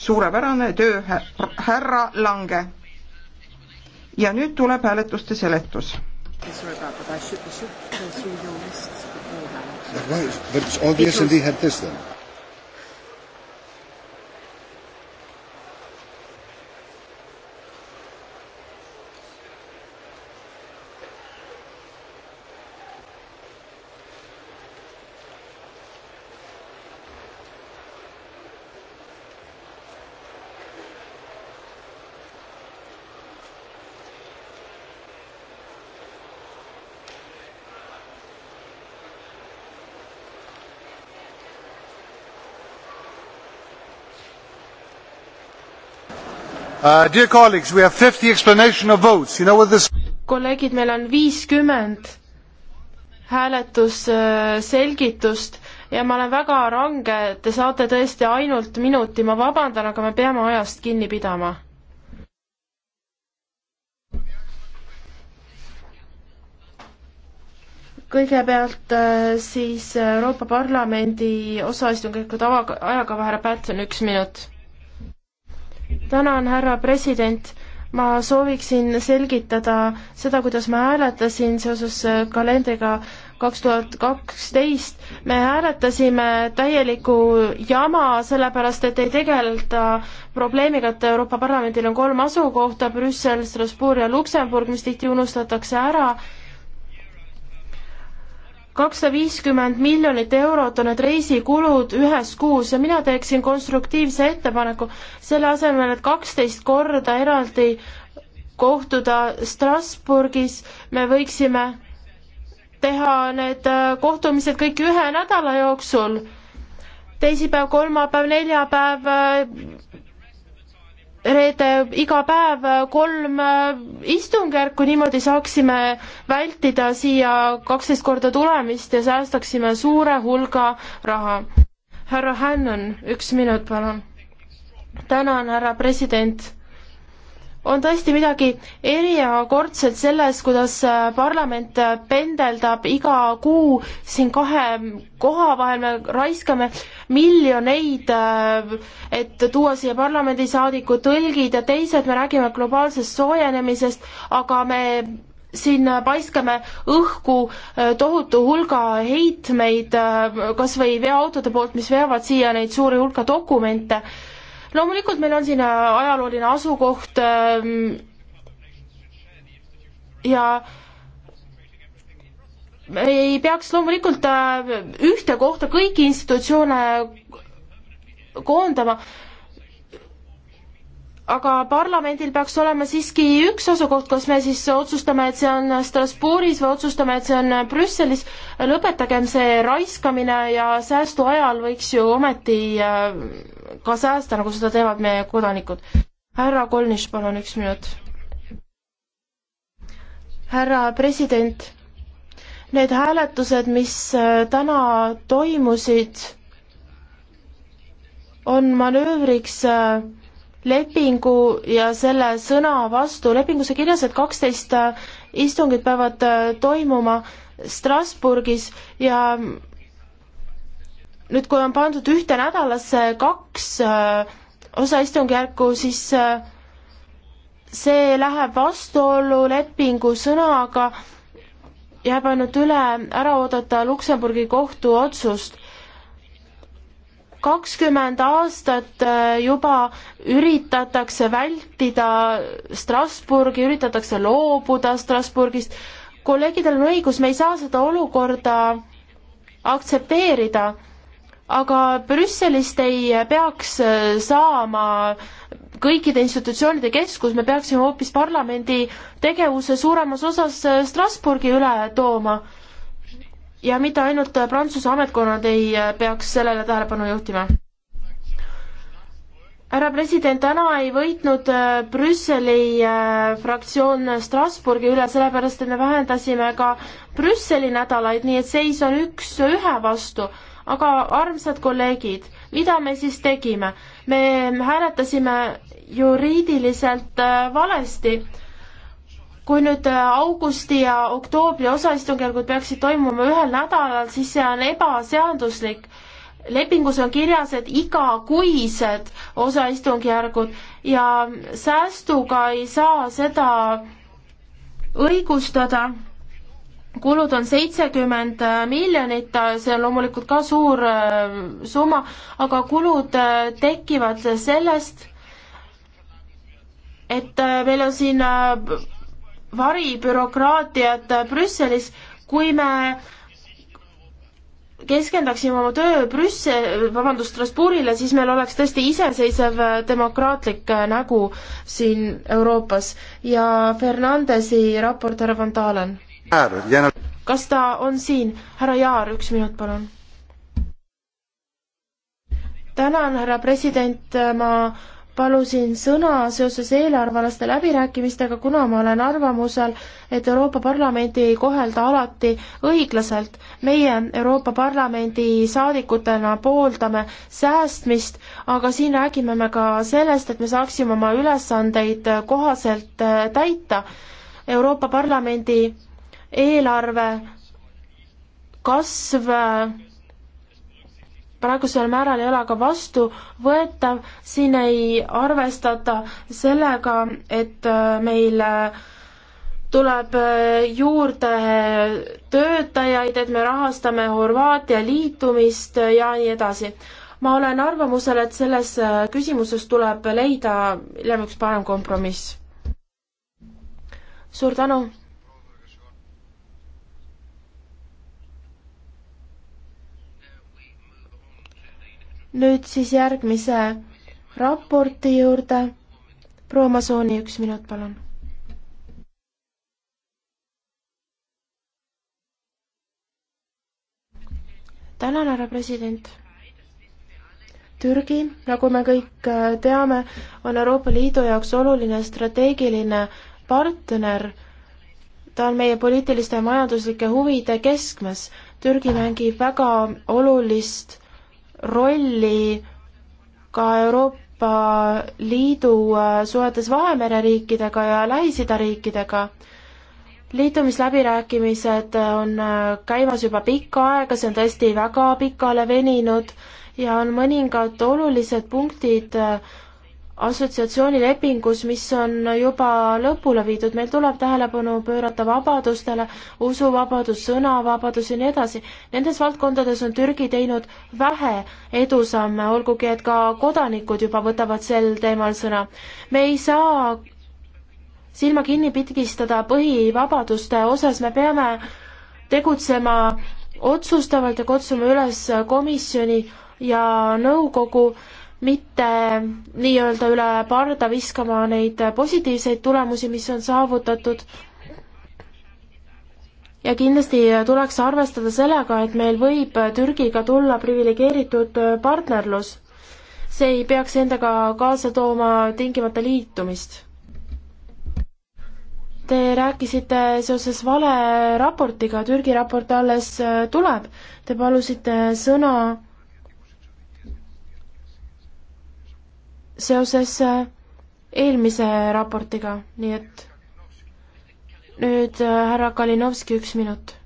suurepärane töö, härra Lange. ja nüüd tuleb hääletuste seletus. But why? But it's obvious that they had this then. Uh, dear colleagues, we have 50 explanation of votes. You know what this kolleegid, meil on viiskümmend hääletusselgitust ja ma olen väga range, te saate tõesti ainult minuti, ma vabandan, aga me peame ajast kinni pidama. kõigepealt äh, siis Euroopa Parlamendi osaistungjärgu tava, ajakava härra Päts on üks minut tänan, härra president. ma sooviksin selgitada seda, kuidas ma hääletasin seoses äh, kalendriga kaks tuhat kaksteist. me hääletasime täielikku jama, sellepärast et ei tegeleta probleemiga, et Euroopa Parlamendil on kolm asukohta, Brüssel, Strasbourg ja Luksemburg, mis tihti unustatakse ära kakssada viiskümmend miljonit eurot on need reisikulud ühes kuus ja mina teeksin konstruktiivse ettepaneku selle asemel, et kaksteist korda eraldi kohtuda Strasbourgis, me võiksime teha need äh, kohtumised kõik ühe nädala jooksul, teisipäev, kolmapäev, neljapäev, äh, reede iga päev kolm istungjärku, niimoodi saaksime vältida siia kaksteist korda tulemist ja säästaksime suure hulga raha. härra Hännon, üks minut, palun. tänan, härra president on tõesti midagi erakordset selles, kuidas äh, parlament äh, pendeldab iga kuu siin kahe koha vahel, me raiskame miljoneid, äh, et tuua siia parlamendisaadikud, tõlgid ja teised, me räägime globaalsest soojenemisest, aga me siin paiskame õhku tohutu hulga heitmeid kas või veoautode poolt, mis veavad siia neid suuri hulka dokumente loomulikult meil on siin äh, ajalooline asukoht ähm, ja me ei peaks loomulikult äh, ühte kohta kõiki institutsioone koondama, aga parlamendil peaks olema siiski üks asukoht, kas me siis otsustame, et see on Strasbourgis või otsustame, et see on Brüsselis, lõpetagem see raiskamine ja säästu ajal võiks ju ometi äh, ka säästa, nagu seda teevad meie kodanikud. härra Kolnis, palun üks minut. härra president, need hääletused, mis äh, täna toimusid, on manöövriks äh, lepingu ja selle sõna vastu. lepingus on kirjas, et kaksteist äh, istungit peavad toimuma Strasburgis ja nüüd, kui on pandud ühte nädalasse kaks äh, osa istungjärku, siis äh, see läheb vastuollu lepingu sõnaga, jääb ainult üle ära oodata Luksemburgi kohtu otsust. kakskümmend aastat äh, juba üritatakse vältida Strasburgi, üritatakse loobuda Strasburgist, kolleegidel on õigus, me ei saa seda olukorda aktsepteerida aga Brüsselist ei peaks äh, saama kõikide institutsioonide keskus, me peaksime hoopis parlamendi tegevuse suuremas osas äh, Strasbourgi üle tooma. ja mitte ainult äh, Prantsuse ametkonnad ei peaks sellele tähelepanu juhtima. härra president, täna ei võitnud Brüsseli fraktsioon Strasbourgi üle, sellepärast et me vähendasime ka Brüsseli nädalaid, nii et seis on üks ühe vastu aga armsad kolleegid, mida me siis tegime? me hääletasime juriidiliselt äh, valesti. kui nüüd äh, augusti ja oktoobri osaistungjärgud peaksid toimuma ühel nädalal, siis see on ebaseaduslik lepingus on kirjas, et igakuised osaistungjärgud ja säästuga ei saa seda õigustada kulud on seitsekümmend äh, miljonit, äh, see on loomulikult ka suur äh, summa, aga kulud tekivad sellest, et meil on siin varibürokraatiat Brüsselis, kui me keskendaksime oma töö Brüssel, vabandust, Strasbourgile, siis meil oleks tõesti iseseisev demokraatlik nägu siin Euroopas ja Fernandesi raport härra Van Dalen kas ta on siin? härra Jaar, üks minut, palun. tänan, härra president, ma palusin sõna seoses eelarvelaste läbirääkimistega, kuna ma olen arvamusel, et Euroopa Parlamendi ei kohelda alati õiglaselt. meie Euroopa Parlamendi saadikutena pooldame säästmist, aga siin räägime me ka sellest, et me saaksime oma ülesandeid kohaselt täita. Euroopa Parlamendi eelarve kasv praegusel määral ei ole aga vastuvõetav, siin ei arvestata sellega, et meil tuleb juurde töötajaid, et me rahastame Horvaatia liitumist ja nii edasi. ma olen arvamusel, et selles küsimuses tuleb leida hiljem üks parem kompromiss. suur tänu! nüüd siis järgmise raporti juurde. proua Masooni, üks minut, palun. tänan, härra president. Türgi, nagu me kõik äh, teame, on Euroopa Liidu jaoks oluline strateegiline partner. ta on meie poliitiliste ja majanduslike huvide keskmes. Türgi mängib väga olulist rolli ka Euroopa Liidu äh, suhetes Vahemere riikidega ja Lähis-Ida riikidega. liitumisläbirääkimised äh, on äh, käimas juba pikka aega, see on tõesti väga pikale veninud ja on mõningad olulised punktid, assotsiatsioonilepingus, mis on juba lõpule viidud, meil tuleb tähelepanu pöörata vabadustele, usuvabadus, sõnavabadus ja nii edasi. Nendes valdkondades on Türgi teinud vähe edusamme, olgugi et ka kodanikud juba võtavad sel teemal sõna. me ei saa silma kinni pigistada põhivabaduste osas, me peame tegutsema otsustavalt ja kutsuma üles komisjoni ja nõukogu äh, mitte nii-öelda üle parda viskama neid positiivseid tulemusi, mis on saavutatud. ja kindlasti tuleks arvestada sellega, et meil võib Türgiga tulla priviligeeritud partnerlus. see ei peaks endaga kaasa tooma tingimata liitumist. Te rääkisite seoses valeraportiga, Türgi raport alles tuleb. Te palusite sõna seoses äh, eelmise raportiga, nii et nüüd äh, härra Kalinovski, üks minut.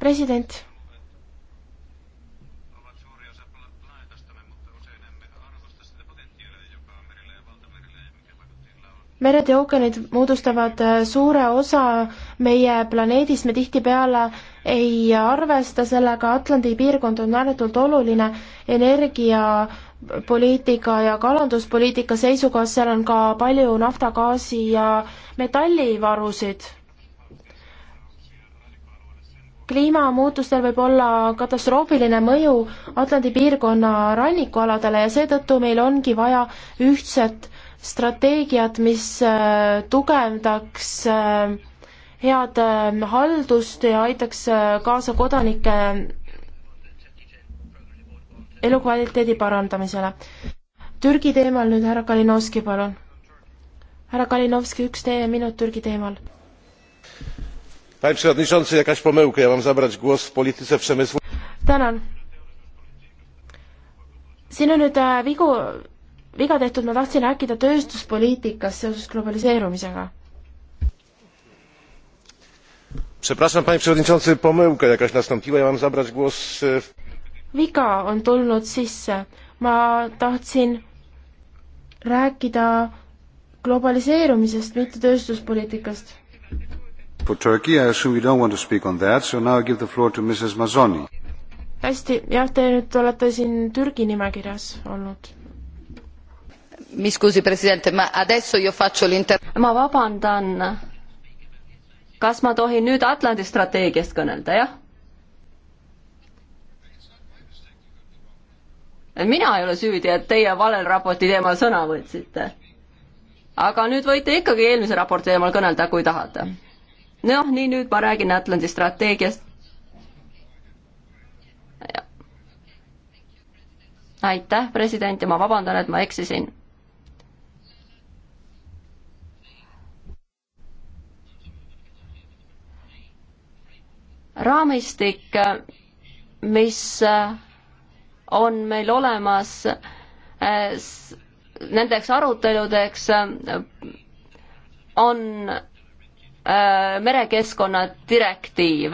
president mered ja ookeanid moodustavad äh, suure osa meie planeedist, me tihtipeale ei arvesta sellega, Atlandi piirkond on ääretult oluline energiapoliitika ja kalanduspoliitika seisukohast, seal on ka palju nafta, gaasi ja metallivarusid. kliimamuutustel võib olla katastroofiline mõju Atlandi piirkonna rannikualadele ja seetõttu meil ongi vaja ühtset strateegiat, mis äh, tugevdaks äh, head ähm, haldust ja aitaks äh, kaasa kodanike elukvaliteedi parandamisele. Türgi teemal nüüd härra Kalinovski, palun. härra Kalinovski, üks teie minut Türgi teemal. Panie przewodniczący, jakaś pomyłka, ja mam zabrać głos w polityce przemysłu. tänan. siin on nüüd äh, vigu, viga tehtud, ma tahtsin rääkida tööstuspoliitikast seoses globaliseerumisega przepraszam panie przewodniczący pomyłka jakaś nastąpiła ja mam zabrać głos e, w... viga on tulnud sisse ma tahtsin rääkida globaliseerumisest mitte tööstuspoliitikast For Turkey, I assume you don't want to speak on that, so now I give the floor to Mrs. Mazzoni. hästi, jah, te nüüd olete siin Türgi nimekirjas olnud. Mi scusi, president, ma adesso io faccio l'inter-. ma vabandan kas ma tohin nüüd Atlandi strateegiast kõnelda, jah? mina ei ole süüdi, et teie valel raporti teemal sõna võtsite. aga nüüd võite ikkagi eelmise raporti teemal kõnelda, kui tahate. noh, nii nüüd ma räägin Atlandi strateegiast. aitäh, president, ja ma vabandan, et ma eksisin raamistik, mis äh, on meil olemas äh, nendeks aruteludeks, äh, on merekeskkonna direktiiv.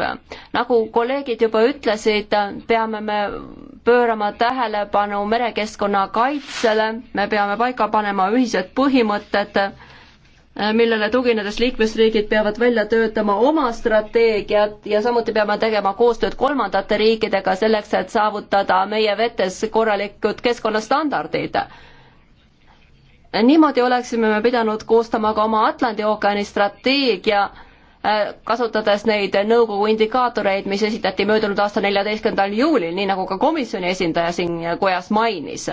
nagu kolleegid juba ütlesid, peame me pöörama tähelepanu merekeskkonna kaitsele, me peame paika panema ühised põhimõtted Äh, millele tuginedes liikmesriigid peavad välja töötama oma strateegiat ja samuti peame tegema koostööd kolmandate riikidega selleks, et saavutada meie vetes korralikud keskkonnastandardid. niimoodi oleksime me pidanud koostama ka oma Atlandi ookeani strateegia, äh, kasutades neid nõukogu indikaatoreid, mis esitati möödunud aasta neljateistkümnendal juulil, nii nagu ka komisjoni esindaja siin kojas mainis.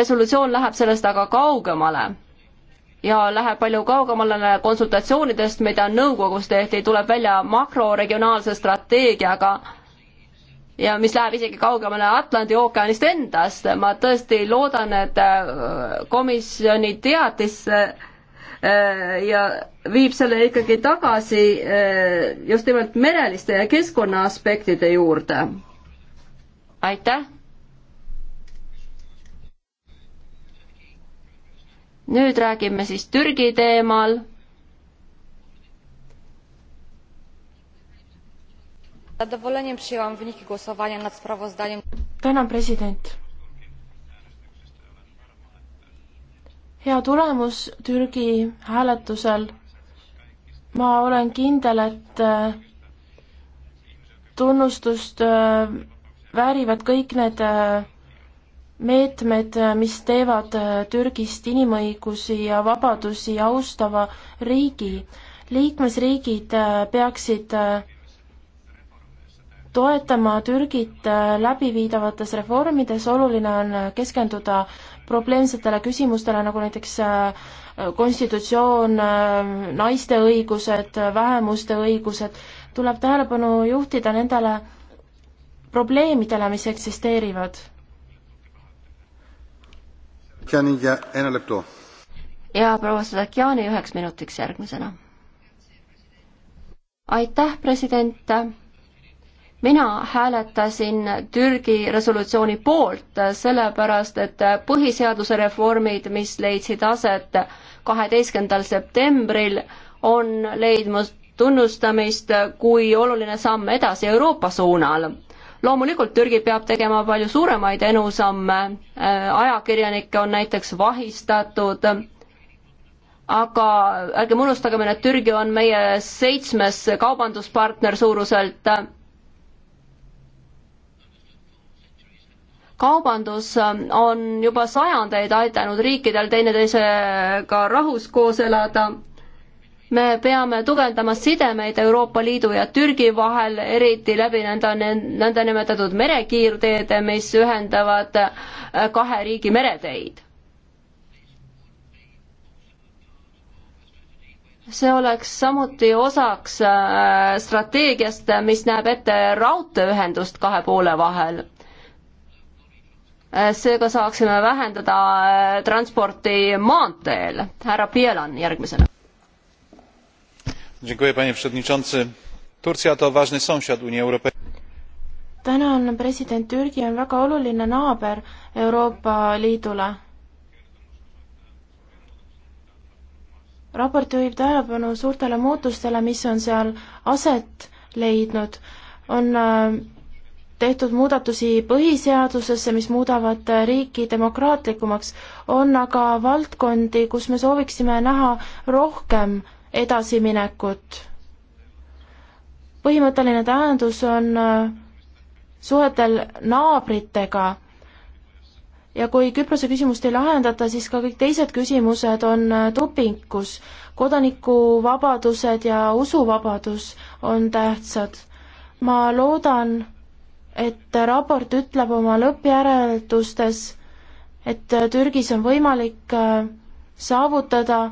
resolutsioon läheb sellest aga kaugemale ja läheb palju kaugemale konsultatsioonidest, mida nõukogus tehti, tuleb välja makroregionaalse strateegiaga ja mis läheb isegi kaugemale Atlandi ookeanist endast. ma tõesti loodan, et äh, komisjoni teatis äh, ja viib selle ikkagi tagasi äh, just nimelt mereliste ja keskkonna aspektide juurde. aitäh! nüüd räägime siis Türgi teemal. tänan, president. hea tulemus Türgi hääletusel. ma olen kindel, et äh, tunnustust äh, väärivad kõik need äh, meetmed, mis teevad äh, Türgist inimõigusi ja vabadusi austava riigi. liikmesriigid äh, peaksid äh, toetama Türgit läbiviidavates reformides, oluline on keskenduda probleemsetele küsimustele, nagu näiteks konstitutsioon, naiste õigused, vähemuste õigused, tuleb tähelepanu juhtida nendele probleemidele, mis eksisteerivad ja proua Sadakiani üheks minutiks järgmisena. aitäh, president. mina hääletasin Türgi resolutsiooni poolt, sellepärast et põhiseaduse reformid, mis leidsid aset kaheteistkümnendal septembril, on leidmas tunnustamist kui oluline samm edasi Euroopa suunal loomulikult Türgi peab tegema palju suuremaid enusamme, äh, ajakirjanikke on näiteks vahistatud, aga ärgem unustagem, et Türgi on meie seitsmes kaubanduspartner suuruselt. kaubandus äh, on juba sajandeid aidanud riikidel teineteisega rahus koos elada me peame tugevdama sidemeid Euroopa Liidu ja Türgi vahel, eriti läbi nõnda, nõndanimetatud merekiirteede, mis ühendavad äh, kahe riigi mereteid. see oleks samuti osaks äh, strateegiast, mis näeb ette raudteeühendust kahe poole vahel äh, seega saaksime vähendada transporti maanteel. härra Pielan järgmisena panie przewodniczący! turcja to ważny sąsiad unii europejskiej. tänan president türgi on väga oluline naaber euroopa liidule. raport juhib tähelepanu suurtele muutustele mis on seal aset leidnud. on äh, tehtud muudatusi põhiseadusesse, mis muudavad riiki demokraatlikumaks, on aga valdkondi, kus me sooviksime näha rohkem edasiminekut. põhimõtteline tähendus on äh, suhetel naabritega ja kui Küprose küsimust ei lahendata, siis ka kõik teised küsimused on äh, tupikus. kodanikuvabadused ja usuvabadus on tähtsad. ma loodan, et raport ütleb oma lõppjäreldustes, et äh, Türgis on võimalik saavutada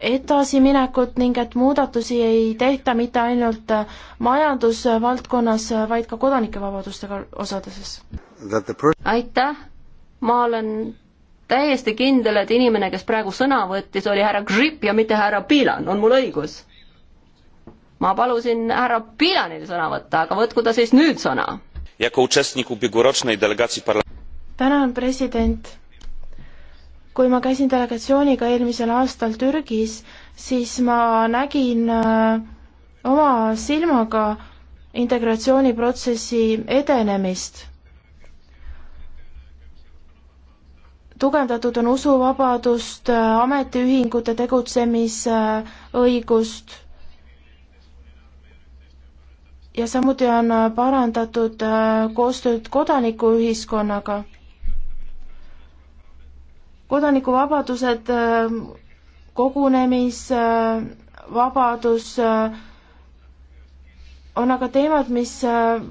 edasiminekut ning et muudatusi ei tehta mitte ainult majandusvaldkonnas, vaid ka kodanikevabadustega osaduses. aitäh, ma olen täiesti kindel, et inimene, kes praegu sõna võttis, oli härra Grip ja mitte härra Pilan, on mul õigus? ma palusin härra Pilanil sõna võtta, aga võtku ta siis nüüd sõna. tänan, president kui ma käisin delegatsiooniga eelmisel aastal Türgis, siis ma nägin äh, oma silmaga integratsiooniprotsessi edenemist. tugevdatud on usuvabadust, äh, ametiühingute tegutsemisõigust äh, ja samuti on parandatud koostööd kodanikuühiskonnaga kodanikuvabadused, äh, kogunemisvabadus äh, äh, on aga teemad, mis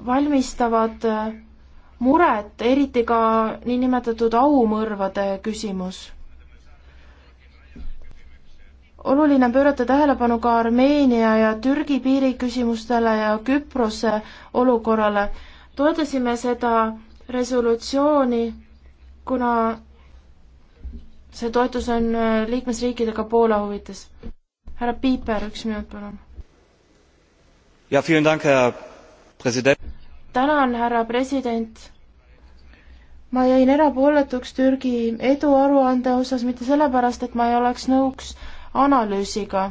valmistavad muret, eriti ka niinimetatud aumõrvade küsimus. oluline on pöörata tähelepanu ka Armeenia ja Türgi piiri küsimustele ja Küprose olukorrale. toetasime seda resolutsiooni, kuna see toetus on äh, liikmesriikidega Poola huvides. härra Piiper, üks minut, palun. tänan, härra president. ma jäin erapooletuks Türgi eduaruande osas mitte sellepärast, et ma ei oleks nõuks analüüsiga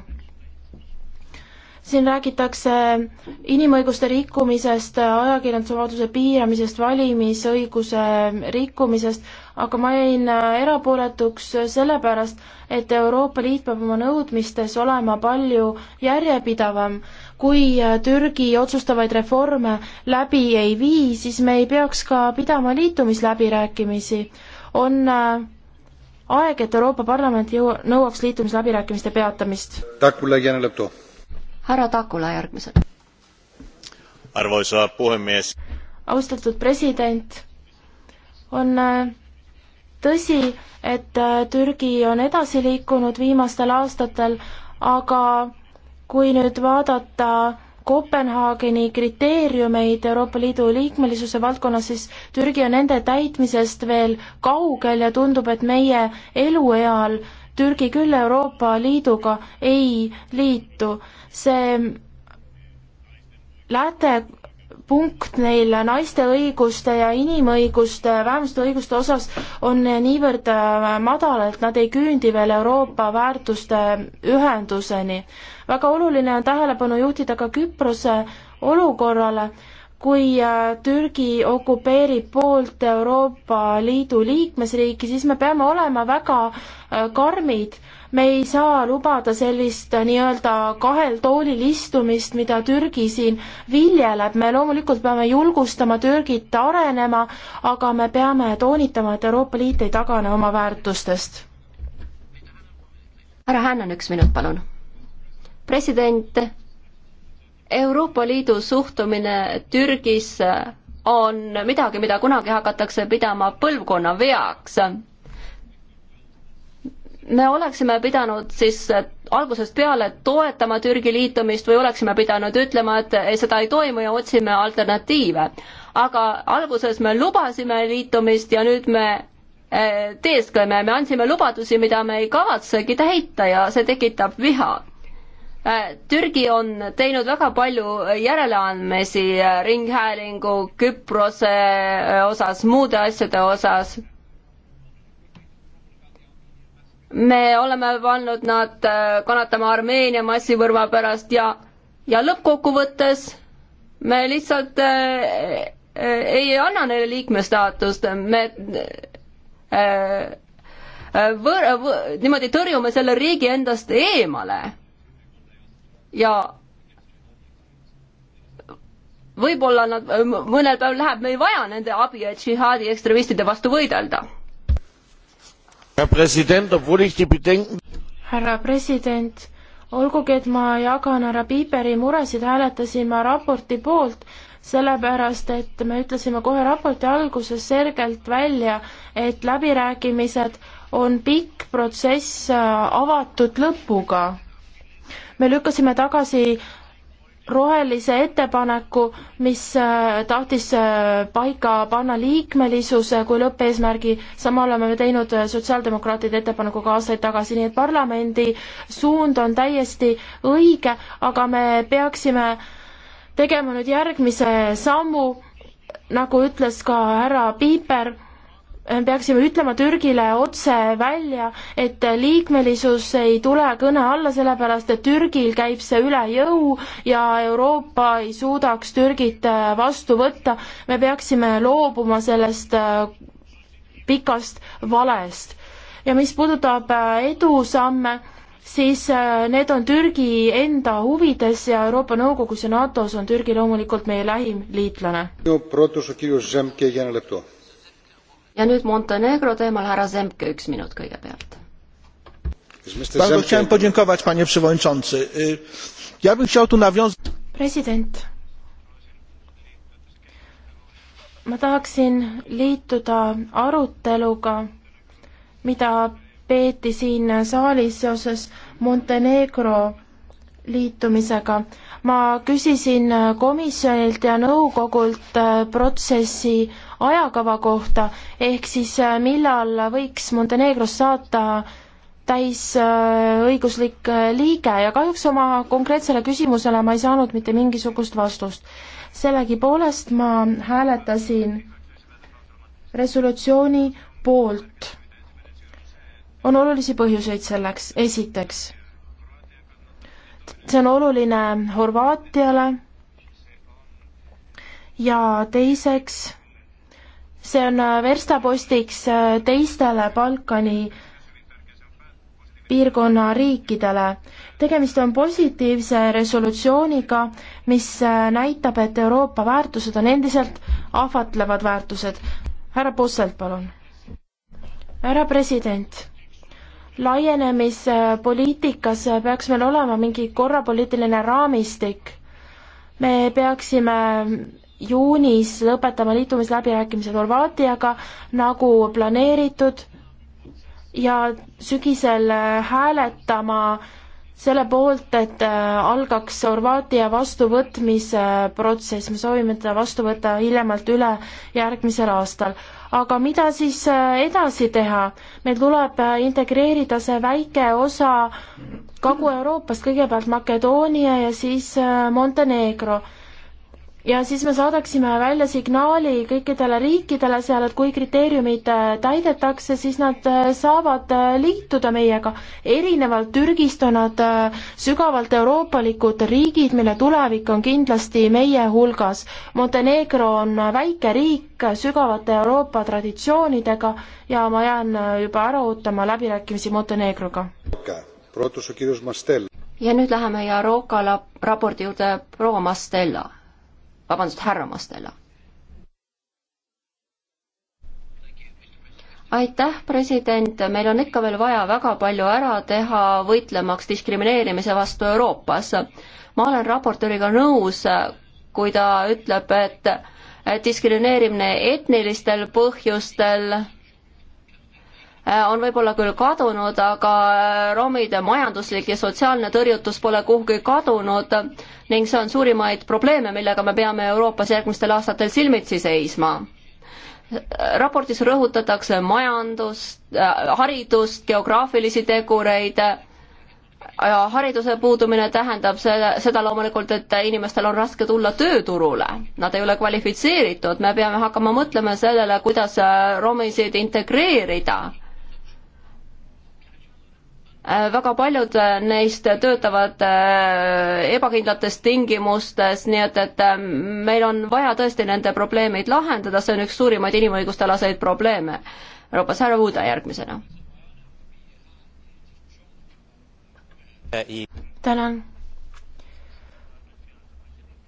siin räägitakse inimõiguste rikkumisest, ajakirjandusvabaduse piiramisest, valimisõiguse rikkumisest, aga ma jäin äh, erapooletuks äh, sellepärast, et Euroopa Liit peab oma nõudmistes olema palju järjepidavam. kui äh, Türgi otsustavaid reforme läbi ei vii, siis me ei peaks ka pidama liitumisläbirääkimisi. on aeg, et Euroopa Parlament jõu-, nõuaks liitumisläbirääkimiste peatamist. härra Takula järgmisena. arvoisa puhemees. austatud president, on tõsi, et äh, Türgi on edasi liikunud viimastel aastatel, aga kui nüüd vaadata Kopenhaageni kriteeriumeid Euroopa Liidu liikmelisuse valdkonnas, siis Türgi on nende täitmisest veel kaugel ja tundub, et meie elueal Türgi küll Euroopa Liiduga ei liitu. see läte punkt neil naiste õiguste ja inimõiguste, vähemuste õiguste osas on niivõrd äh, madal, et nad ei küündi veel Euroopa väärtuste ühenduseni. väga oluline on tähelepanu juhtida ka Küprose olukorrale, kui äh, Türgi okupeerib poolt Euroopa Liidu liikmesriiki, siis me peame olema väga äh, karmid me ei saa lubada sellist nii-öelda kahel toolil istumist, mida Türgi siin viljeleb, me loomulikult peame julgustama Türgit arenema, aga me peame toonitama, et Euroopa Liit ei tagane oma väärtustest. härra Hännan, üks minut, palun. president, Euroopa Liidu suhtumine Türgis on midagi, mida kunagi hakatakse pidama põlvkonna veaks me oleksime pidanud siis algusest peale toetama Türgi liitumist või oleksime pidanud ütlema, et seda ei toimu ja otsime alternatiive. aga alguses me lubasime liitumist ja nüüd me e, teeskleme, me andsime lubadusi, mida me ei kavatsegi täita ja see tekitab viha. E, Türgi on teinud väga palju järeleandmisi e, Ringhäälingu, Küprose osas, muude asjade osas me oleme pannud nad äh, kannatama Armeenia massivõrva pärast ja, ja lõppkokkuvõttes me lihtsalt äh, äh ei anna neile liikmestaatust, me äh, äh, võr-, võ-, niimoodi tõrjume selle riigi endast eemale ja võib-olla nad, mõnel päeval läheb, me ei vaja nende abi, et džihaadi ekstremistide vastu võidelda härra president, olgugi et ma jagan härra Piiperi muresid, hääletasin ma raporti poolt, sellepärast et me ütlesime kohe raporti alguses selgelt välja, et läbirääkimised on pikk protsess äh, avatud lõpuga. me lükkasime tagasi rohelise ettepaneku, mis äh, tahtis äh, paika panna liikmelisuse kui lõppeesmärgi, sama oleme me teinud äh, sotsiaaldemokraatide ettepanekuga aastaid tagasi, nii et parlamendi suund on täiesti õige, aga me peaksime tegema nüüd järgmise sammu, nagu ütles ka härra Piiper Äh, peaksime ütlema Türgile otse välja, et liikmelisus ei tule kõne alla, sellepärast et Türgil käib see üle jõu ja Euroopa ei suudaks Türgit äh, vastu võtta. me peaksime loobuma sellest äh, pikast valest. ja mis puudutab edusamme, siis need on Türgi enda huvides ja Euroopa Nõukogus ja NATO-s on Türgi loomulikult meie lähim liitlane ja nüüd Montenegro teemal härra Zemke, üks minut kõigepealt. president ma tahaksin liituda aruteluga, mida peeti siin saalis seoses Montenegro liitumisega. ma küsisin komisjonilt ja nõukogult äh, protsessi ajakava kohta, ehk siis äh, millal võiks Montenegrost saata täisõiguslik äh, liige ja kahjuks oma konkreetsele küsimusele ma ei saanud mitte mingisugust vastust. sellegipoolest ma hääletasin resolutsiooni poolt. on olulisi põhjuseid selleks, esiteks see on oluline Horvaatiale ja teiseks, see on verstapostiks teistele Balkani piirkonna riikidele. tegemist on positiivse resolutsiooniga, mis näitab, et Euroopa väärtused on endiselt ahvatlevad väärtused. härra Posselt, palun. härra president laienemispoliitikas peaks meil olema mingi korrapoliitiline raamistik. me peaksime juunis lõpetama liitumisläbirääkimised Horvaatiaga nagu planeeritud ja sügisel hääletama selle poolt, et algaks Horvaatia vastuvõtmise protsess, me soovime teda vastu võtta hiljemalt ülejärgmisel aastal aga mida siis äh, edasi teha? meil tuleb äh, integreerida see väike osa Kagu-Euroopast, kõigepealt Makedoonia ja siis äh, Montenegro ja siis me saadaksime välja signaali kõikidele riikidele seal, et kui kriteeriumid äh, täidetakse, siis nad äh, saavad äh, liituda meiega. erinevalt Türgist on nad sügavalt euroopalikud riigid, mille tulevik on kindlasti meie hulgas. Montenegro on väike riik sügavate Euroopa traditsioonidega ja ma jään juba ära ootama läbirääkimisi Montenegroga. ja nüüd läheme Jaroka raporti juurde, proua Mastella vabandust, härra Mastela. aitäh, president, meil on ikka veel vaja väga palju ära teha, võitlemaks diskrimineerimise vastu Euroopas. ma olen raportööriga nõus, kui ta ütleb, et diskrimineerimine etnilistel põhjustel Äh, on võib-olla küll kadunud, aga äh, romide majanduslik ja sotsiaalne tõrjutus pole kuhugi kadunud ning see on suurimaid probleeme, millega me peame Euroopas järgmistel aastatel silmitsi seisma. raportis rõhutatakse majandust, äh, haridust, geograafilisi tegureid, hariduse puudumine tähendab seda, seda loomulikult, et inimestel on raske tulla tööturule, nad ei ole kvalifitseeritud, me peame hakkama mõtlema sellele, kuidas romisid integreerida Äh, väga paljud äh, neist töötavad äh, ebakindlates tingimustes, nii et, et meil on vaja tõesti nende probleemid lahendada, see on üks suurimaid inimõiguste alaseid probleeme Euroopas. härra Uuda järgmisena. tänan.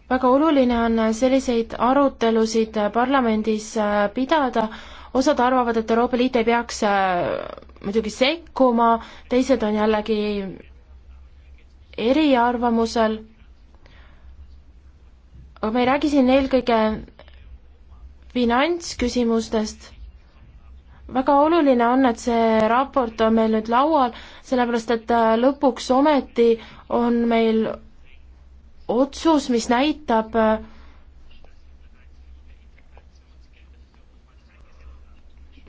väga oluline on selliseid arutelusid parlamendis pidada, osad arvavad, et Euroopa Liit ei peaks muidugi sekkuma, teised on jällegi eriarvamusel. aga ma ei räägi siin eelkõige finantsküsimustest. väga oluline on, et see raport on meil nüüd laual, sellepärast et äh, lõpuks ometi on meil otsus, mis näitab äh,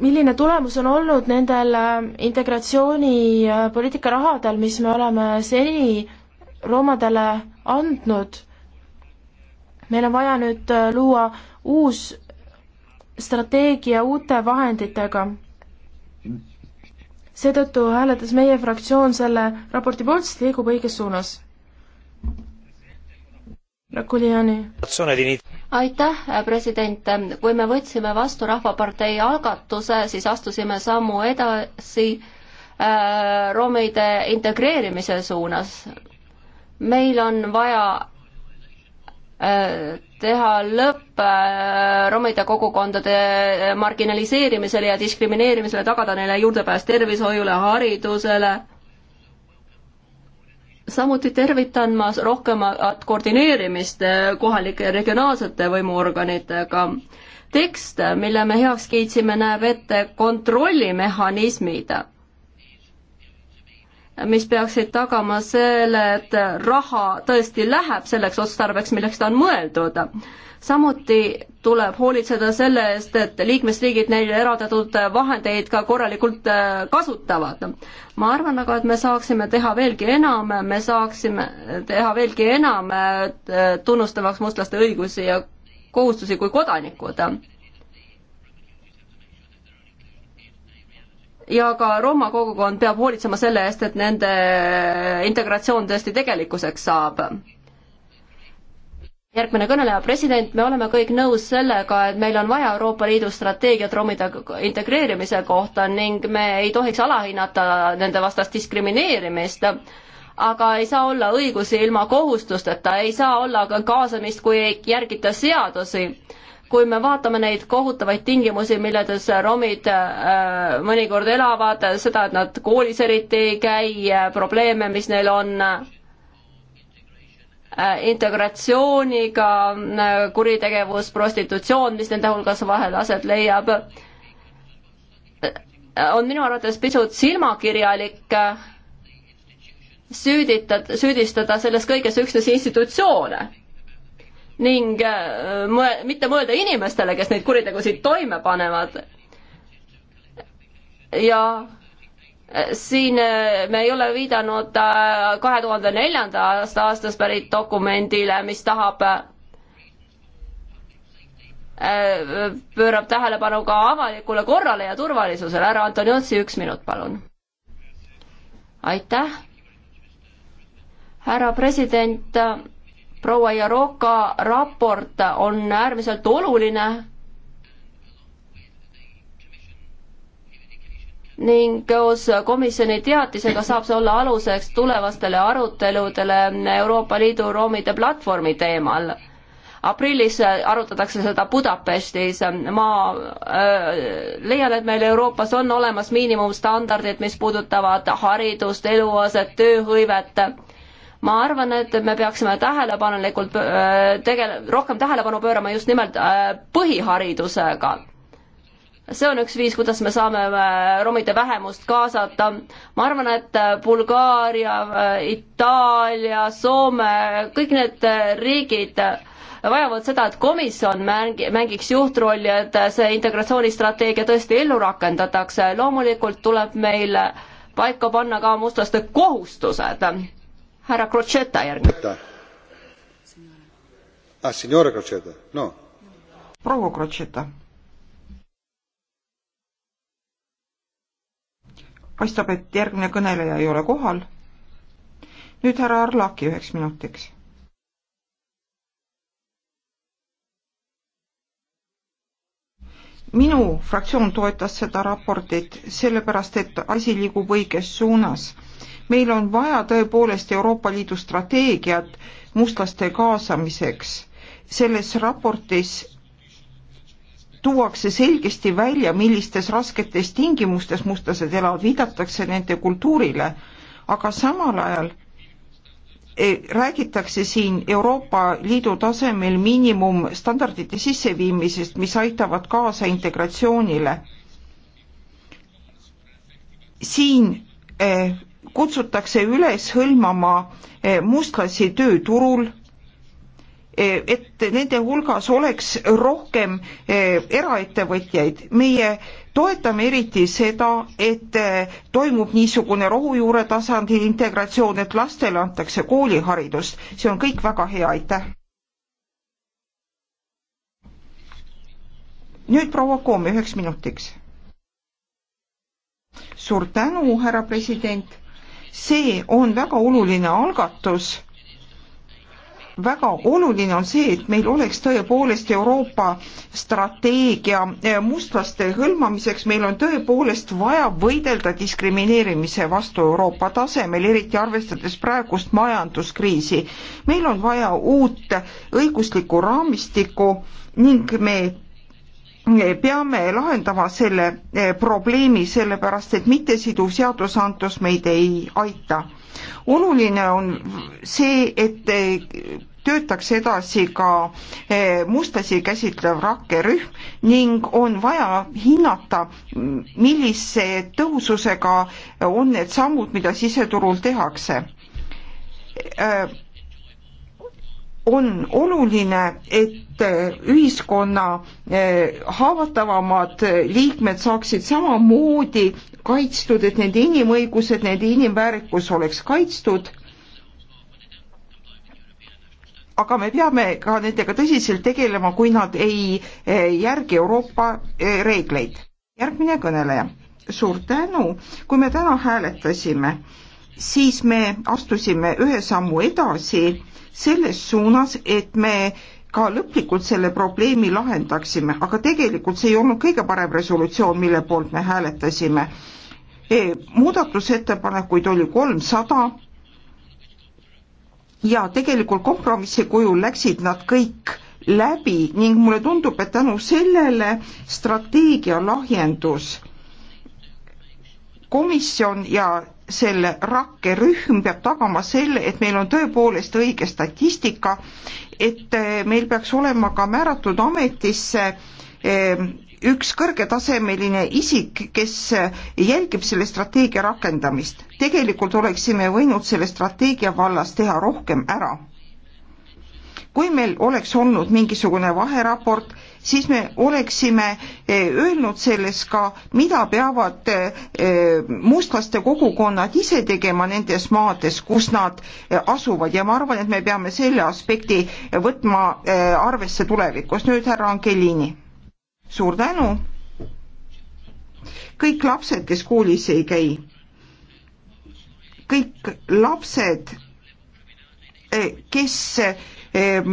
milline tulemus on olnud nendel äh, integratsioonipoliitika äh, rahadel, mis me oleme seni roomadele andnud? meil on vaja nüüd äh, luua uus strateegia uute vahenditega. seetõttu hääletas meie fraktsioon selle raporti poolt, sest liigub õiges suunas. Rakuliani aitäh, president. kui me võtsime vastu Rahvapartei algatuse, siis astusime sammu edasi äh, romide integreerimise suunas. meil on vaja äh, teha lõpp äh, romide kogukondade äh, marginaliseerimisele ja diskrimineerimisele, tagada neile juurdepääs tervishoiule, haridusele samuti tervitan ma rohkemat koordineerimist eh, kohalike regionaalsete võimuorganitega. tekst, mille me heaks kiitsime, näeb ette kontrollimehhanismid, mis peaksid tagama selle, et raha tõesti läheb selleks otstarbeks, milleks ta on mõeldud samuti tuleb hoolitseda selle eest, et liikmesriigid neile eraldatud vahendeid ka korralikult äh, kasutavad. ma arvan aga, et me saaksime teha veelgi enam, me saaksime teha veelgi enam, äh, tunnustamaks mustlaste õigusi ja kohustusi kui kodanikud. ja ka Rooma kogukond peab hoolitsema selle eest, et nende integratsioon tõesti tegelikkuseks saab järgmine kõneleja, president, me oleme kõik nõus sellega, et meil on vaja Euroopa Liidu strateegiat romide integreerimise kohta ning me ei tohiks alahinnata nende vastast diskrimineerimist, aga ei saa olla õigusi ilma kohustusteta, ei saa olla ka kaasamist, kui ei järgita seadusi. kui me vaatame neid kohutavaid tingimusi, milledes romid äh, mõnikord elavad, seda, et nad koolis eriti ei käi, äh, probleeme, mis neil on äh,, Äh, integratsiooniga, äh, kuritegevus, prostitutsioon, mis nende hulgas vahel aset leiab, äh, on minu arvates pisut silmakirjalik süüditad, süüdistada selles kõiges üksnes institutsioone ning mõe-, mitte mõelda inimestele, kes neid kuritegusid toime panevad. ja siin äh, me ei ole viidanud äh, kahe tuhande neljanda aasta aastast pärit dokumendile, mis tahab, äh, pöörab tähelepanu ka avalikule korrale ja turvalisusele. härra Antoniotsi, üks minut, palun. aitäh. härra president, proua Jaroka raport on äärmiselt oluline ning koos komisjoni teatisega saab see olla aluseks tulevastele aruteludele Euroopa Liidu roomide platvormi teemal. aprillis arutatakse seda Budapestis, ma äh, leian, et meil Euroopas on olemas miinimumstandardid, mis puudutavad haridust, eluaset, tööhõivet ma arvan, et me peaksime tähelepanelikult äh, tegele-, rohkem tähelepanu pöörama just nimelt äh, põhiharidusega see on üks viis, kuidas me saame äh, romide vähemust kaasata. ma arvan, et äh, Bulgaaria, äh, Itaalia, Soome, kõik need riigid vajavad seda, et komisjon mängi-, mängiks juhtrolli, et see integratsioonistrateegia tõesti ellu rakendatakse. loomulikult tuleb meil paika panna ka mustlaste kohustused. härra Crocetta järgmine. Ah, signora Crocetta, no. proua Crocetta paistab, et järgmine kõneleja ei ole kohal. nüüd härra Arlaki üheks minutiks. minu fraktsioon toetas seda raportit sellepärast, et asi liigub õiges suunas. meil on vaja tõepoolest Euroopa Liidu strateegiat mustlaste kaasamiseks. selles raportis tuuakse selgesti välja, millistes rasketes tingimustes mustlased elavad, viidatakse nende kultuurile, aga samal ajal e, räägitakse siin Euroopa Liidu tasemel miinimumstandardite sisseviimisest, mis aitavad kaasa integratsioonile. siin e, kutsutakse üles hõlmama e, mustlasi tööturul, Eh, et nende hulgas oleks rohkem eh, eraettevõtjaid. meie toetame eriti seda, et eh, toimub niisugune rohujuure tasandil integratsioon, et lastele antakse kooliharidust. see on kõik väga hea, aitäh. nüüd proua Koome üheks minutiks. suur tänu, härra president. see on väga oluline algatus väga oluline on see, et meil oleks tõepoolest Euroopa strateegia eh, mustlaste hõlmamiseks, meil on tõepoolest vaja võidelda diskrimineerimise vastu Euroopa tasemel, eriti arvestades praegust majanduskriisi. meil on vaja uut õiguslikku raamistikku ning me peame lahendama selle eh, probleemi, sellepärast et mittesiduv seadusandlus meid ei aita. oluline on see, et eh, töötaks edasi ka eh, mustasi käsitlev rakkerühm ning on vaja hinnata, millise tõhususega on need sammud, mida siseturul tehakse eh, on oluline, et eh, ühiskonna haavatavamad liikmed saaksid samamoodi kaitstud, et nende inimõigused, nende inimväärikus oleks kaitstud aga me peame ka nendega tõsiselt tegelema, kui nad ei eh, järgi Euroopa eh, reegleid. järgmine kõneleja, suur tänu, kui me täna hääletasime, siis me astusime ühe sammu edasi selles suunas, et me ka lõplikult selle probleemi lahendaksime, aga tegelikult see ei olnud kõige parem resolutsioon, mille poolt me hääletasime. Eh, muudatusettepanekuid oli kolmsada ja tegelikult kompromissi kujul läksid nad kõik läbi ning mulle tundub, et tänu sellele strateegia lahjendus komisjon ja selle rakkerühm peab tagama selle, et meil on tõepoolest õige statistika, et meil peaks olema ka määratud ametisse eh, üks kõrgetasemeline isik, kes jälgib selle strateegia rakendamist. tegelikult oleksime võinud selle strateegia vallas teha rohkem ära. kui meil oleks olnud mingisugune vaheraport, siis me oleksime eh, öelnud selles ka, mida peavad eh, mustlaste kogukonnad ise tegema nendes maades, kus nad eh, asuvad ja ma arvan, et me peame selle aspekti võtma arvesse tulevikus. nüüd härra Angelini suur tänu. kõik lapsed, kes koolis ei käi, kõik lapsed, eh, kes eh,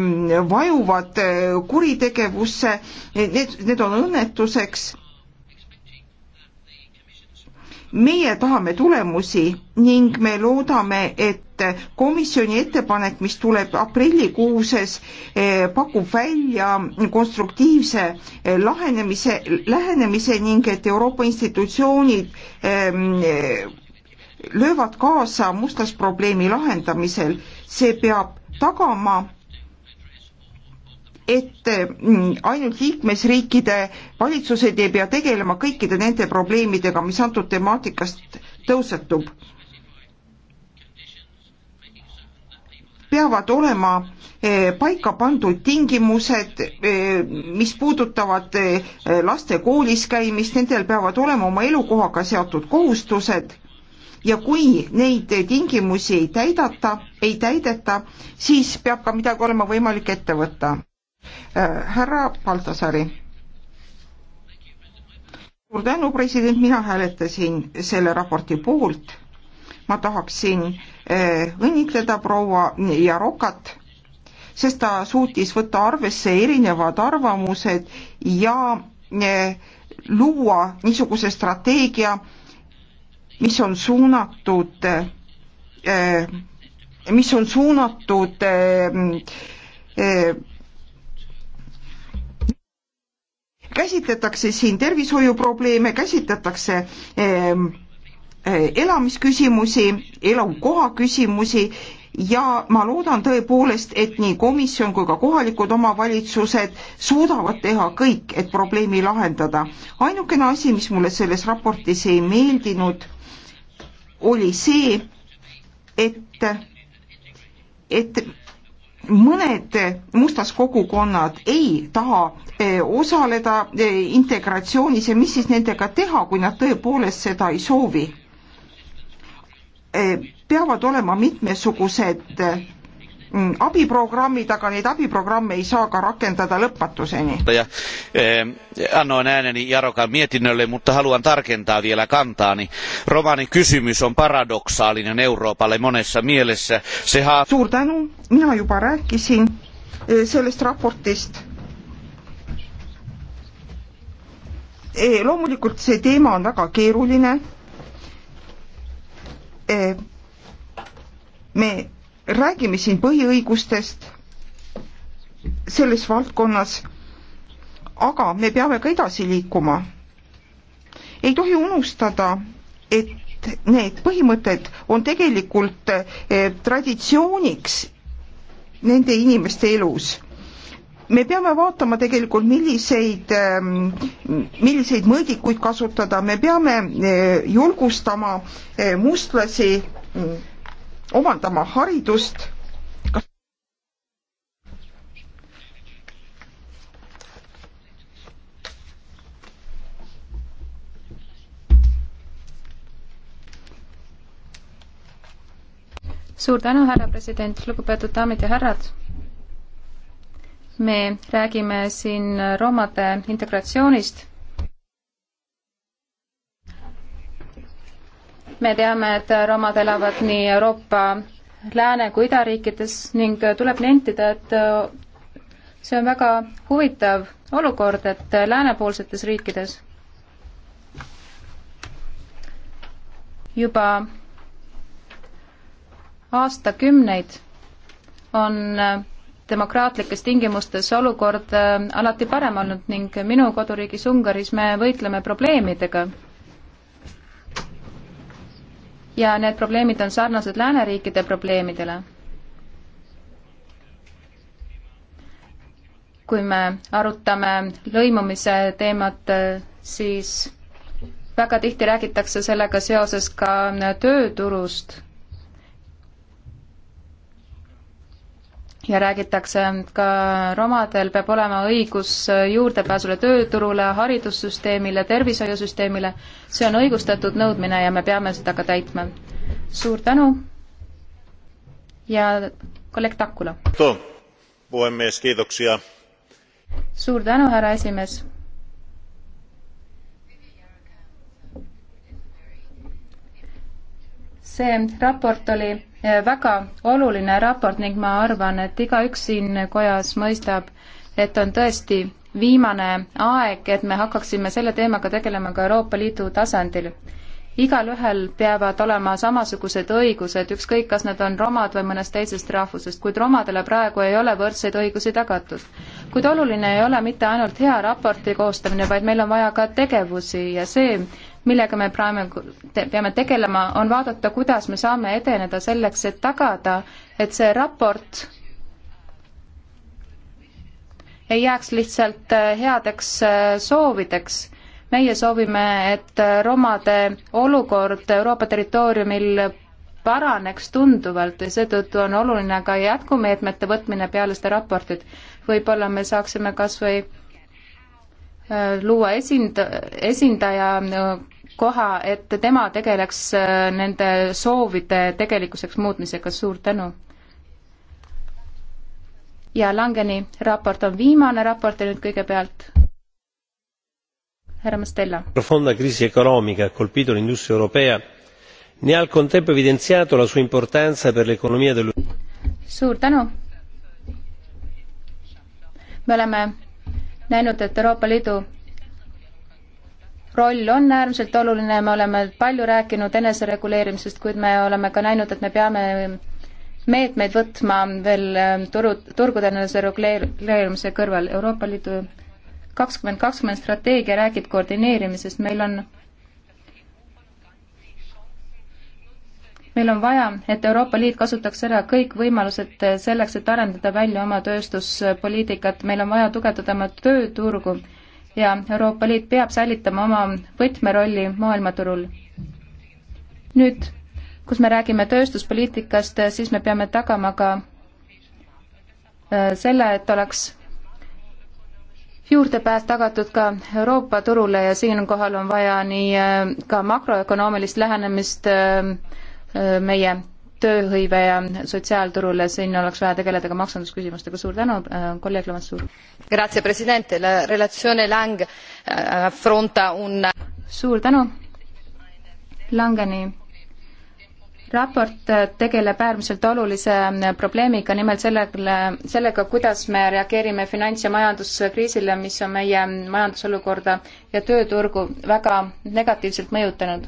vajuvad eh, kuritegevusse, need, need on õnnetuseks meie tahame tulemusi ning me loodame, et komisjoni ettepanek, mis tuleb aprillikuuses, eh, pakub välja konstruktiivse eh, lahenemise, lähenemise ning et Euroopa institutsioonid ehm, löövad kaasa mustasprobleemi lahendamisel. see peab tagama et mm, ainult liikmesriikide valitsused ei pea tegelema kõikide nende probleemidega, mis antud temaatikast tõusetub. peavad olema eh, paika pandud tingimused, eh, mis puudutavad eh, laste koolis käimist, nendel peavad olema oma elukohaga seotud kohustused ja kui neid tingimusi ei täidata, ei täideta, siis peab ka midagi olema võimalik ette võtta. Äh, härra Baltasaari. suur tänu, president, mina hääletasin selle raporti poolt. ma tahaksin äh, õnnitleda proua Jarokat, sest ta suutis võtta arvesse erinevad arvamused ja äh, luua niisuguse strateegia, mis on suunatud, mis on suunatud käsitletakse siin tervishoiuprobleeme, käsitletakse ehm, eh, elamisküsimusi, elukoha küsimusi ja ma loodan tõepoolest, et nii komisjon kui ka kohalikud omavalitsused suudavad teha kõik, et probleemi lahendada. ainukene asi, mis mulle selles raportis ei meeldinud, oli see, et, et mõned mustas kogukonnad ei taha eh, osaleda eh, integratsioonis ja mis siis nendega teha, kui nad tõepoolest seda ei soovi? Eh, peavad olema mitmesugused Mm, abiprogrammid, aga neid abiprogramme ei saa ka rakendada lõpmatuseni. Ehm, annoin ääneni Jarokan mietinnölle, mutta haluan tarkentaa vielä kantaani. Romani kysymys on paradoksaalinen Euroopalle monessa mielessä. Se ha- suur tänu, mina juba rääkisin eh, sellest raportist eh, loomulikult see teema on väga keeruline. Eh, me räägime siin põhiõigustest selles valdkonnas, aga me peame ka edasi liikuma. ei tohi unustada, et need põhimõtted on tegelikult eh, traditsiooniks nende inimeste elus. me peame vaatama tegelikult, milliseid, ehm, milliseid mõõdikuid kasutada, me peame eh, julgustama eh, mustlasi mm, omandama haridust. suur tänu, härra president, lugupeetud daamid ja härrad me räägime siin roomade integratsioonist me teame, et romad elavad nii Euroopa lääne kui idariikides ning tuleb nentida, et äh, see on väga huvitav olukord, et läänepoolsetes riikides juba aastakümneid on äh, demokraatlikes tingimustes olukord äh, alati parem olnud ning minu koduriigis Ungaris me võitleme probleemidega ja need probleemid on sarnased lääneriikide probleemidele. kui me arutame lõimumise teemat, siis väga tihti räägitakse sellega seoses ka tööturust ja räägitakse, et ka romadel peab olema õigus juurdepääsule tööturule, haridussüsteemile, tervishoiusüsteemile, see on õigustatud nõudmine ja me peame seda ka täitma. suur tänu ja kolleeg Takula. suur tänu, härra esimees see raport oli eh, väga oluline raport ning ma arvan, et igaüks siin kojas mõistab, et on tõesti viimane aeg, et me hakkaksime selle teemaga tegelema ka Euroopa Liidu tasandil. igalühel peavad olema samasugused õigused, ükskõik, kas nad on romad või mõnest teisest rahvusest, kuid romadele praegu ei ole võrdseid õigusi tagatud. kuid oluline ei ole mitte ainult hea raporti koostamine, vaid meil on vaja ka tegevusi ja see, millega me praegu te peame tegelema, on vaadata, kuidas me saame edeneda selleks, et tagada, et see raport ei jääks lihtsalt äh, headeks äh, soovideks. meie soovime, et äh, romade olukord Euroopa territooriumil paraneks tunduvalt ja seetõttu on oluline ka jätkumeetmete võtmine peale seda raportit. võib-olla me saaksime kas või luua esind-, esindaja koha, et tema tegeleks äh, nende soovide tegelikkuseks muutmisega, suur tänu! ja Langeni raport on viimane raport ja nüüd kõigepealt härra Mastella. profonda crisi economica ha colpito l'industria europea ne ha al contempo evidenziato la sua importanza per l'economia del suur tänu! me oleme näinud, et Euroopa Liidu roll on äärmiselt oluline, me oleme palju rääkinud enesereguleerimisest, kuid me oleme ka näinud, et me peame meetmeid võtma veel ähm, turu, turgude enesereguleerimise kõrval. Euroopa Liidu kakskümmend kakskümmend strateegia räägib koordineerimisest, meil on meil on vaja, et Euroopa Liit kasutaks ära kõik võimalused selleks, et arendada välja oma tööstuspoliitikat, meil on vaja tugevdada oma tööturgu ja Euroopa Liit peab säilitama oma võtmerolli maailmaturul. nüüd, kus me räägime tööstuspoliitikast, siis me peame tagama ka äh, selle, et oleks juurdepääs tagatud ka Euroopa turule ja siinkohal on vaja nii äh, ka makroökonoomilist lähenemist äh, meie tööhõive ja sotsiaalturule, siin oleks vaja tegeleda ka maksandusküsimustega. suur tänu, äh, kolleeg Lamassoor. Grazie, president, la relatsioone Lang äh, affronta un suur tänu, Langeni raport äh, tegeleb äärmiselt olulise probleemiga, nimelt sellele, sellega, kuidas me reageerime finants- ja majanduskriisile, mis on meie majandusolukorda ja tööturgu väga negatiivselt mõjutanud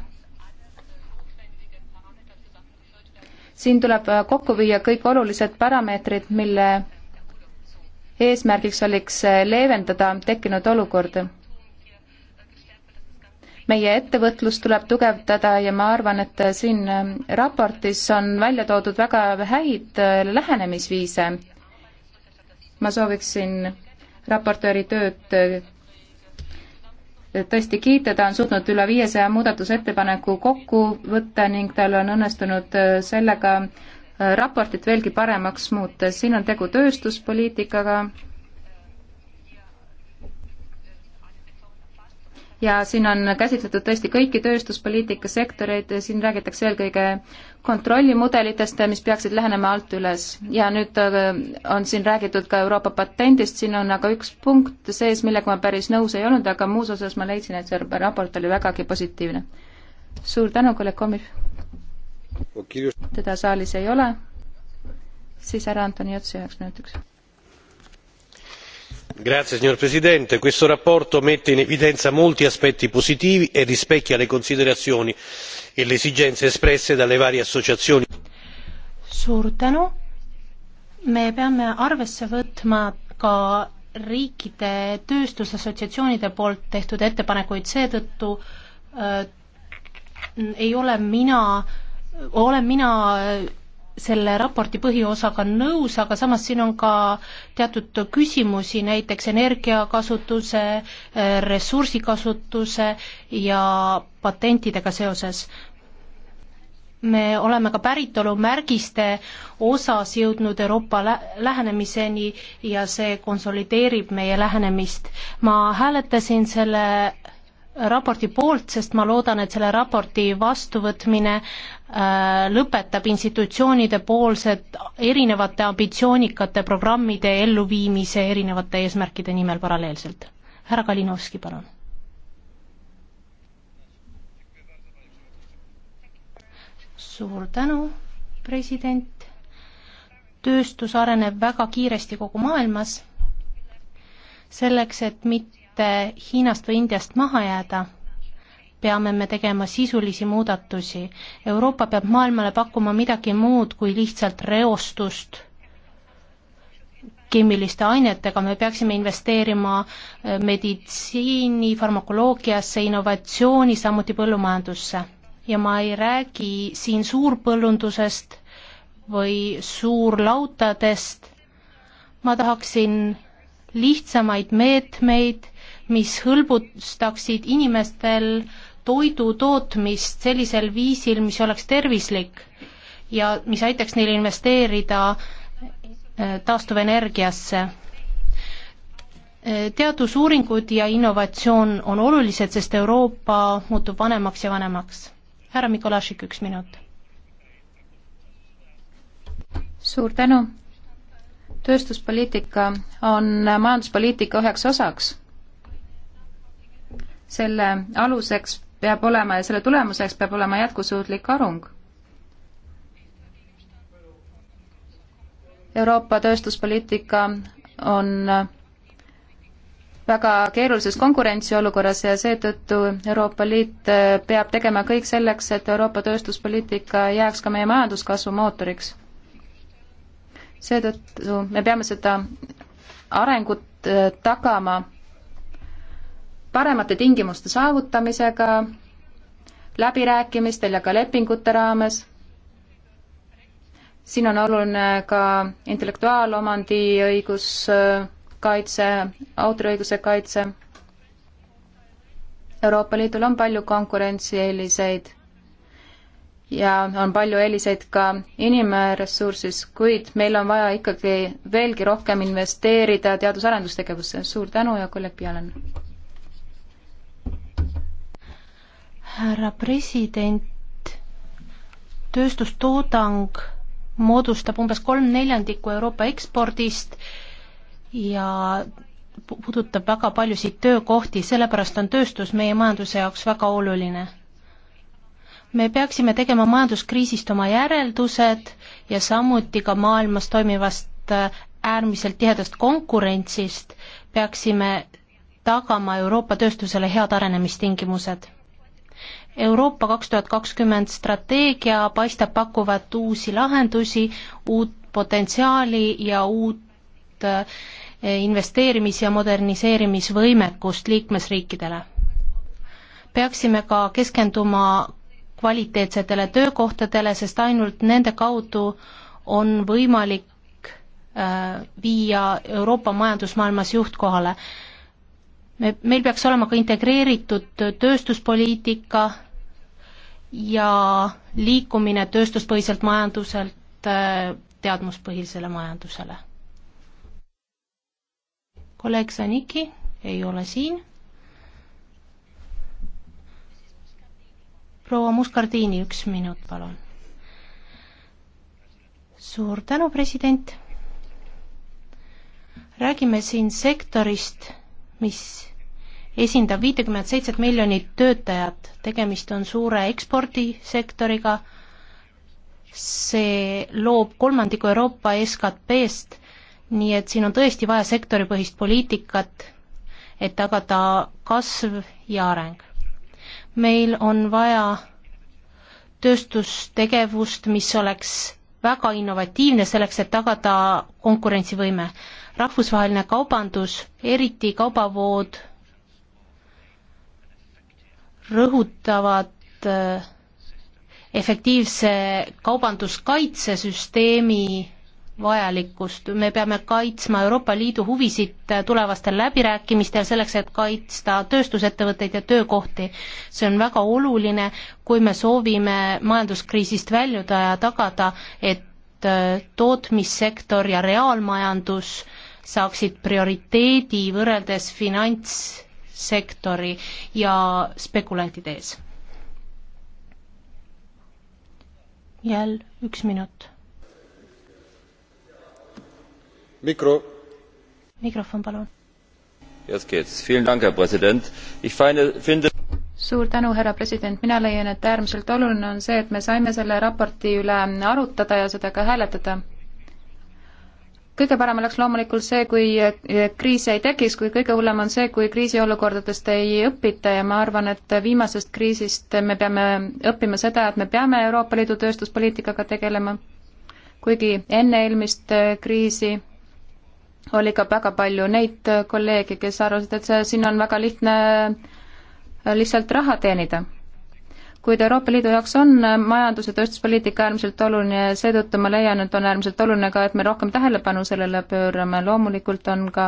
siin tuleb äh, kokku viia kõik olulised parameetrid, mille eesmärgiks oleks äh, leevendada tekkinud olukorda. meie ettevõtlust tuleb tugevdada ja ma arvan, et äh, siin raportis on välja toodud väga häid lähenemisviise. ma sooviksin raportööri tööd tõesti kiita, ta on suutnud üle viiesaja muudatusettepaneku kokku võtta ning tal on õnnestunud äh, sellega äh, raportit veelgi paremaks muuta, siin on tegu tööstuspoliitikaga ja siin on käsitletud tõesti kõiki tööstuspoliitika sektoreid, siin räägitakse eelkõige kontrollimudelitest, mis peaksid lähenema alt üles ja nüüd äh, on siin räägitud ka Euroopa patendist, siin on aga üks punkt sees, millega ma päris nõus ei olnud, aga muus osas ma leidsin, et see raport oli vägagi positiivne. suur tänu, kolleeg Komif. teda saalis ei ole, siis härra Antoni Ots üheks minutiks. Grazie signor Presidente, questo rapporto mette in evidenza molti aspetti positivi e rispecchia le considerazioni e le esigenze espresse dalle varie associazioni. suur tänu. me peame arvesse võtma ka riikide tööstusassotsiatsioonide poolt tehtud ettepanekuid, seetõttu äh, ei ole mina, olen mina äh, selle raporti põhiosaga nõus, aga samas siin on ka teatud küsimusi, näiteks energiakasutuse, ressursikasutuse ja patentidega seoses. me oleme ka päritolumärgiste osas jõudnud Euroopa lä-, lähenemiseni ja see konsolideerib meie lähenemist. ma hääletasin selle raporti poolt, sest ma loodan, et selle raporti vastuvõtmine Äh, lõpetab institutsioonide poolsed erinevate ambitsioonikate programmide elluviimise erinevate eesmärkide nimel paralleelselt. härra Kalinovski, palun. suur tänu, president. tööstus areneb väga kiiresti kogu maailmas. selleks, et mitte Hiinast või Indiast maha jääda peame me tegema sisulisi muudatusi. Euroopa peab maailmale pakkuma midagi muud kui lihtsalt reostust keemiliste ainetega, me peaksime investeerima eh, meditsiini, farmakoloogiasse, innovatsiooni, samuti põllumajandusse. ja ma ei räägi siin suurpõllundusest või suurlautadest, ma tahaksin lihtsamaid meetmeid, mis hõlbustaksid inimestel äh, toidu tootmist sellisel viisil, mis oleks tervislik ja mis aitaks neil investeerida äh, taastuvenergiasse. Äh, teadusuuringud ja innovatsioon on olulised, sest Euroopa muutub vanemaks ja vanemaks. härra Mikolašik, üks minut. suur tänu. tööstuspoliitika on majanduspoliitika üheks osaks selle aluseks peab olema ja selle tulemuseks peab olema jätkusuutlik arung. Euroopa tööstuspoliitika on väga keerulises konkurentsiolukorras ja seetõttu Euroopa Liit peab tegema kõik selleks, et Euroopa tööstuspoliitika jääks ka meie majanduskasvu mootoriks. seetõttu me peame seda arengut tagama paremate tingimuste saavutamisega läbirääkimistel ja ka lepingute raames. siin on oluline ka intellektuaalomandi õiguskaitse, autoriõiguse kaitse. Euroopa Liidul on palju konkurentsieeliseid ja on palju eeliseid ka inimressursis, kuid meil on vaja ikkagi veelgi rohkem investeerida teadus-arendustegevusse. suur tänu ja kolleeg Pialen! härra president, tööstustoodang moodustab umbes kolm neljandikku Euroopa ekspordist ja puudutab väga paljusid töökohti, sellepärast on tööstus meie majanduse jaoks väga oluline. me peaksime tegema majanduskriisist oma järeldused ja samuti ka maailmas toimivast äh, äärmiselt tihedast konkurentsist peaksime tagama Euroopa tööstusele head arenemistingimused Euroopa kaks tuhat kakskümmend strateegia paistab pakkuvat uusi lahendusi, uut potentsiaali ja uut eh, investeerimis- ja moderniseerimisvõimekust liikmesriikidele. peaksime ka keskenduma kvaliteetsetele töökohtadele, sest ainult nende kaudu on võimalik eh, viia Euroopa majandusmaailmas juhtkohale me, meil peaks olema ka integreeritud tööstuspoliitika, ja liikumine tööstuspõhiselt majanduselt äh, teadmuspõhisele majandusele. kolleeg Saniki ei ole siin. proua Muscardini, üks minut, palun. suur tänu, president. räägime siin sektorist, mis esindab viitekümmet seitset miljonit töötajat, tegemist on suure ekspordisektoriga, see loob kolmandiku Euroopa SKT-st, nii et siin on tõesti vaja sektoripõhist poliitikat, et tagada kasv ja areng. meil on vaja tööstustegevust, mis oleks väga innovatiivne selleks, et tagada konkurentsivõime. rahvusvaheline kaubandus, eriti kaubavood rõhutavad äh, efektiivse kaubanduskaitsesüsteemi vajalikkust, me peame kaitsma Euroopa Liidu huvisid äh, tulevastel läbirääkimistel selleks, et kaitsta tööstusettevõtteid ja töökohti. see on väga oluline, kui me soovime majanduskriisist väljuda ja tagada, et äh, tootmissektor ja reaalmajandus saaksid prioriteedi võrreldes finants sektori ja spekulantide ees. jälle üks minut. mikro. mikrofon, palun. suur tänu, härra president, mina leian, et äärmiselt oluline on see, et me saime selle raporti üle arutada ja seda ka hääletada kõige parem oleks loomulikult see, kui eh, kriise ei tekiks, kuid kõige hullem on see, kui kriisiolukordadest ei õpita ja ma arvan, et viimasest kriisist me peame õppima seda, et me peame Euroopa Liidu tööstuspoliitikaga tegelema, kuigi enne eelmist eh, kriisi oli ka väga palju neid eh, kolleege, kes arvasid, et see, siin on väga lihtne lihtsalt raha teenida kuid Euroopa Liidu jaoks on äh, majandus- ja tööstuspoliitika äärmiselt oluline ja seetõttu ma leian, et on äärmiselt oluline ka, et me rohkem tähelepanu sellele pöörame, loomulikult on ka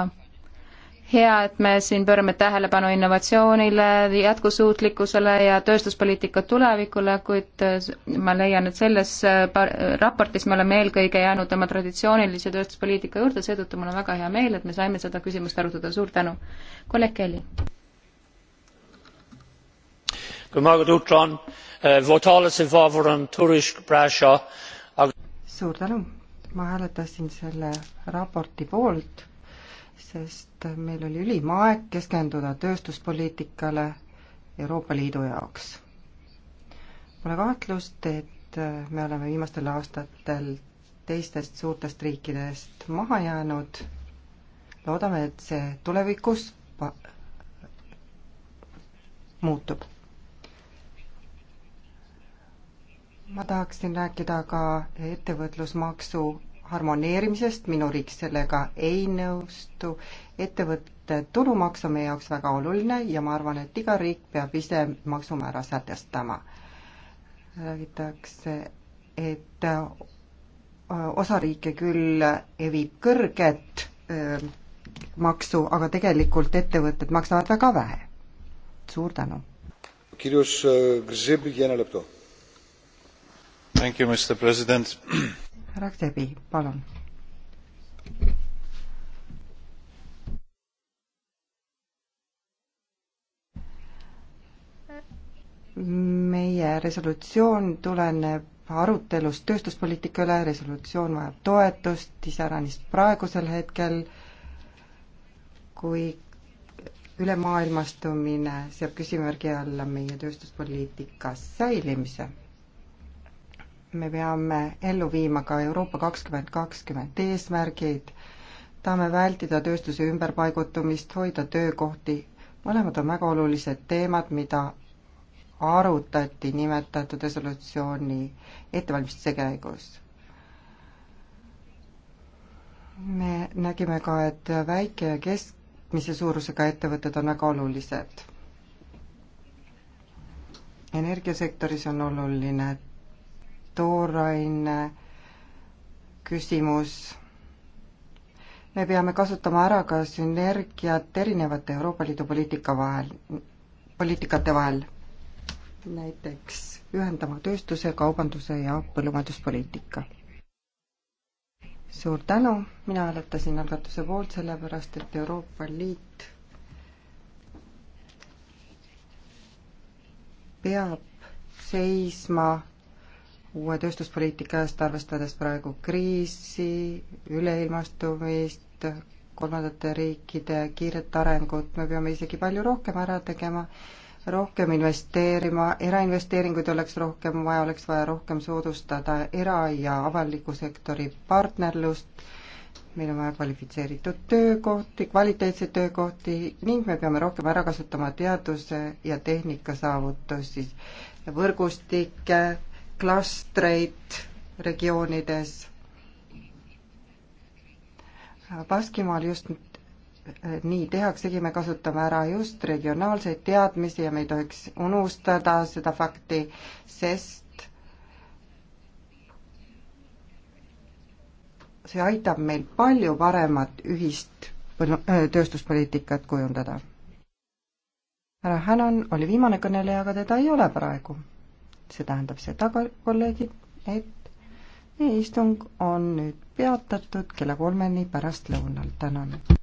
hea, et me siin pöörame tähelepanu innovatsioonile, jätkusuutlikkusele ja tööstuspoliitika tulevikule, kuid äh, ma leian, et selles äh, raportis me oleme eelkõige jäänud oma traditsioonilise tööstuspoliitika juurde, seetõttu mul on väga hea meel, et me saime seda küsimust arutada, suur tänu. kolleeg Kelly. Eh, suur tänu, ma hääletasin selle raporti poolt, sest meil oli ülim aeg keskenduda tööstuspoliitikale Euroopa Liidu jaoks. Pole kahtlust, et me oleme viimastel aastatel teistest suurtest riikidest maha jäänud. loodame, et see tulevikus muutub ma tahaksin rääkida ka ettevõtlusmaksu harmoneerimisest, minu riik sellega ei nõustu. ettevõtte tulumaks on meie jaoks väga oluline ja ma arvan, et iga riik peab ise maksumäära sätestama. räägitakse, et äh, osa riike küll evib kõrget äh, maksu, aga tegelikult ettevõtted maksavad väga vähe. suur tänu. kirjus äh, Grzyb, Jene Lepto härra Ktebi, palun. meie resolutsioon tuleneb arutelust tööstuspoliitika üle, resolutsioon vajab toetust, iseäranis praegusel hetkel, kui ülemaailmastumine seab küsimärgi alla meie tööstuspoliitika säilimise me peame ellu viima ka Euroopa kakskümmend kakskümmend eesmärgid, tahame vältida tööstuse ümberpaigutumist, hoida töökohti, mõlemad on väga olulised teemad, mida arutati nimetatud resolutsiooni ettevalmistuse käigus me nägime ka, et väike ja keskmise suurusega ettevõtted on väga olulised. energiasektoris on oluline tooraine küsimus. me peame kasutama ära ka sünergiat erinevate Euroopa Liidu poliitika vahel, poliitikate vahel. näiteks ühendama tööstuse, kaubanduse ja põllumajanduspoliitika. suur tänu, mina hääletasin algatuse poolt, sellepärast et Euroopa Liit peab seisma uue tööstuspoliitika eest, arvestades praegu kriisi, üleilmastumist, kolmandate riikide kiiret arengut, me peame isegi palju rohkem ära tegema, rohkem investeerima, erainvesteeringuid oleks rohkem vaja, oleks vaja rohkem soodustada era- ja avaliku sektori partnerlust, meil on vaja kvalifitseeritud töökohti, kvaliteetseid töökohti ning me peame rohkem ära kasutama teaduse ja tehnika saavutusi, võrgustikke, klastreid regioonides. Baskimaal just nii tehaksegi, me kasutame ära just regionaalseid teadmisi ja me ei tohiks unustada seda fakti, sest see aitab meil palju paremat ühist äh, tööstuspoliitikat kujundada. härra Hänan oli viimane kõneleja, aga teda ei ole praegu see tähendab seda, kolleegid, et meie istung on nüüd peatatud kella kolmeni pärastlõunal, tänan.